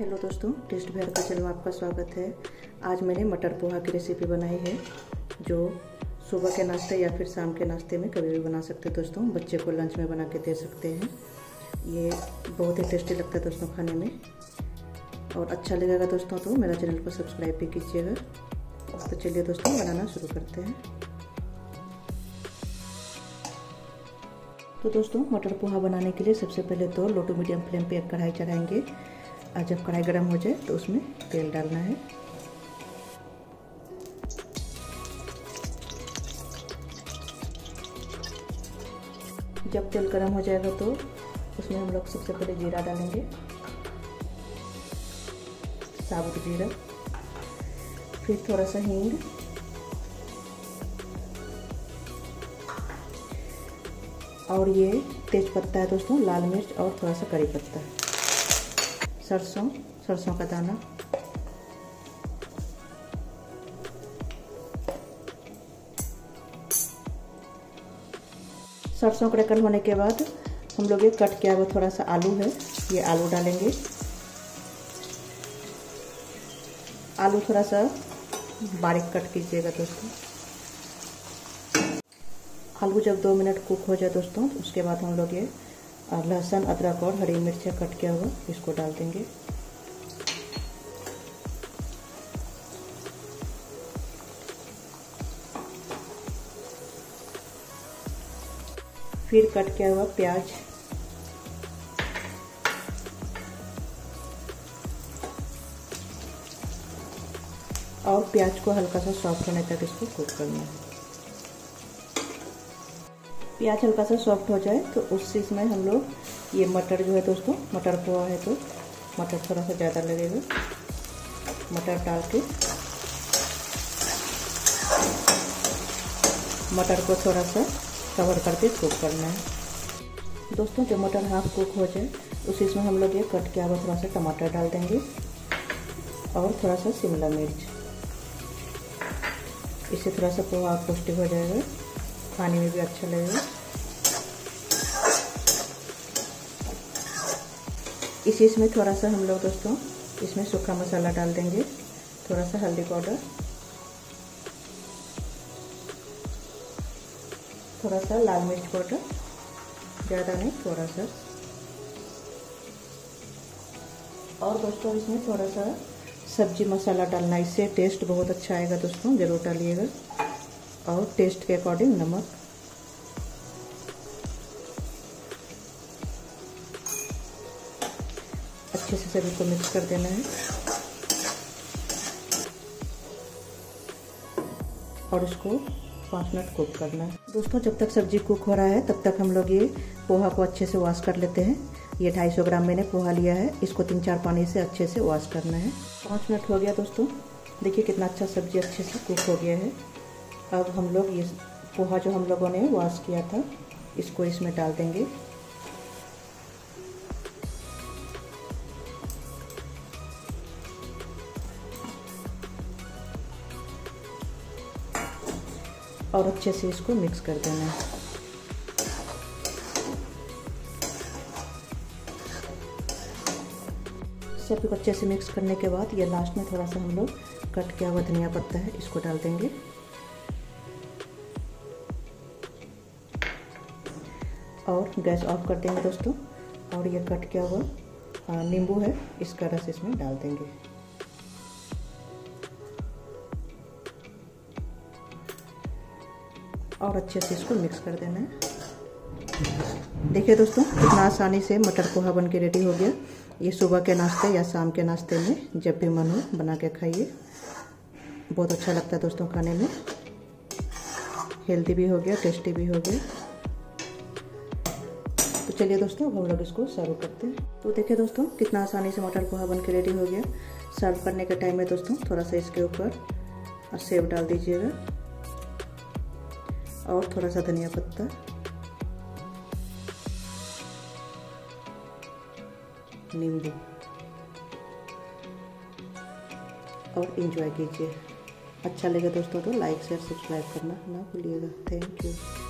hello दोस्तों taste भैर का चैनल आपका स्वागत है आज मैंने मटर पोहा की रेसिपी बनाई है जो सुबह के नाश्ते या फिर शाम के नाश्ते में कभी भी बना सकते हैं दोस्तों बच्चे को लंच में बना के दे सकते हैं ये बहुत ही टेस्टी लगता है दोस्तों खाने में और अच्छा लगेगा दोस्तों तो मेरा चैनल को सब्सक्राइब भी कीजिएगा तो चलिए दोस्तों बनाना शुरू करते हैं तो दोस्तों मटर पोहा बनाने के लिए सबसे पहले तो लो टू मीडियम फ्लेम पर एक कढ़ाई चढ़ाएंगे और जब कढ़ाई गर्म हो जाए तो उसमें तेल डालना है जब तेल गर्म हो जाएगा तो उसमें हम लोग सबसे पहले जीरा डालेंगे साबुत जीरा फिर थोड़ा सा हींग और ये तेज पत्ता है दोस्तों लाल मिर्च और थोड़ा सा करी पत्ता है सरसों सरसों का दाना सरसों क्रैकल होने के बाद हम लोग ये कट किया हुआ थोड़ा सा आलू है ये आलू डालेंगे आलू थोड़ा सा बारीक कट कीजिएगा दोस्तों आलू जब दो मिनट कुक हो जाए दोस्तों तो उसके बाद हम लोग ये और लहसुन अदरक और हरी मिर्च कट किया हुआ इसको डाल देंगे फिर कट किया हुआ प्याज और प्याज को हल्का सा सॉफ्ट होने तक इसको कुक करना है प्याज हल्का सा सॉफ्ट हो जाए तो उससे इसमें हम लोग ये मटर जो है दोस्तों मटर पोहा है तो मटर थोड़ा सा ज़्यादा लगेगा मटर डाल के मटर को थोड़ा सा कवर करके कुक करना है दोस्तों जब मटर हाफ कुक हो जाए उस इसमें हम लोग ये कट किया हुआ थोड़ा सा टमाटर डाल देंगे और थोड़ा सा शिमला मिर्च इससे थोड़ा सा पोहा पौष्टिक हो जाएगा पानी में भी अच्छा लगेगा इसी इसमें थोड़ा सा हम लोग दोस्तों इसमें सूखा मसाला डाल देंगे थोड़ा सा हल्दी पाउडर थोड़ा सा लाल मिर्च पाउडर ज़्यादा नहीं थोड़ा सा और दोस्तों इसमें थोड़ा सा सब्जी मसाला डालना इससे टेस्ट बहुत अच्छा आएगा दोस्तों ज़रूर डालिएगा और टेस्ट के अकॉर्डिंग नमक अच्छे से सभी को मिक्स कर देना है और उसको पाँच मिनट कुक करना है दोस्तों जब तक सब्जी कुक हो रहा है तब तक हम लोग ये पोहा को अच्छे से वॉश कर लेते हैं ये 250 ग्राम मैंने पोहा लिया है इसको तीन चार पानी से अच्छे से वॉश करना है पाँच मिनट हो गया दोस्तों देखिए कितना अच्छा सब्जी अच्छे से कुक हो गया है अब हम लोग ये पोहा जो हम लोगों ने वॉश किया था इसको इसमें डाल देंगे और अच्छे से इसको मिक्स कर देना सब अच्छे से मिक्स करने के बाद ये लास्ट में थोड़ा सा हम लोग कट किया हुआ धनिया पत्ता है इसको डाल देंगे और गैस ऑफ कर देंगे दोस्तों और ये कट किया हुआ नींबू है इसका रस इसमें डाल देंगे और अच्छे से इसको मिक्स कर देना है देखिए दोस्तों कितना आसानी से मटर पोहा बन के रेडी हो गया ये सुबह के नाश्ते या शाम के नाश्ते में जब भी मन हो बना के खाइए बहुत अच्छा लगता है दोस्तों खाने में हेल्दी भी हो गया टेस्टी भी हो गया चलिए दोस्तों हम लोग इसको सर्व करते हैं तो देखिए दोस्तों कितना आसानी से मटर पोहा बन के रेडी हो गया सर्व करने के टाइम में दोस्तों थोड़ा सा इसके ऊपर और सेब डाल दीजिएगा और थोड़ा सा धनिया पत्ता नींबू और इन्जॉय कीजिए अच्छा लगे दोस्तों तो लाइक शेयर सब्सक्राइब करना ना भूलिएगा थैंक यू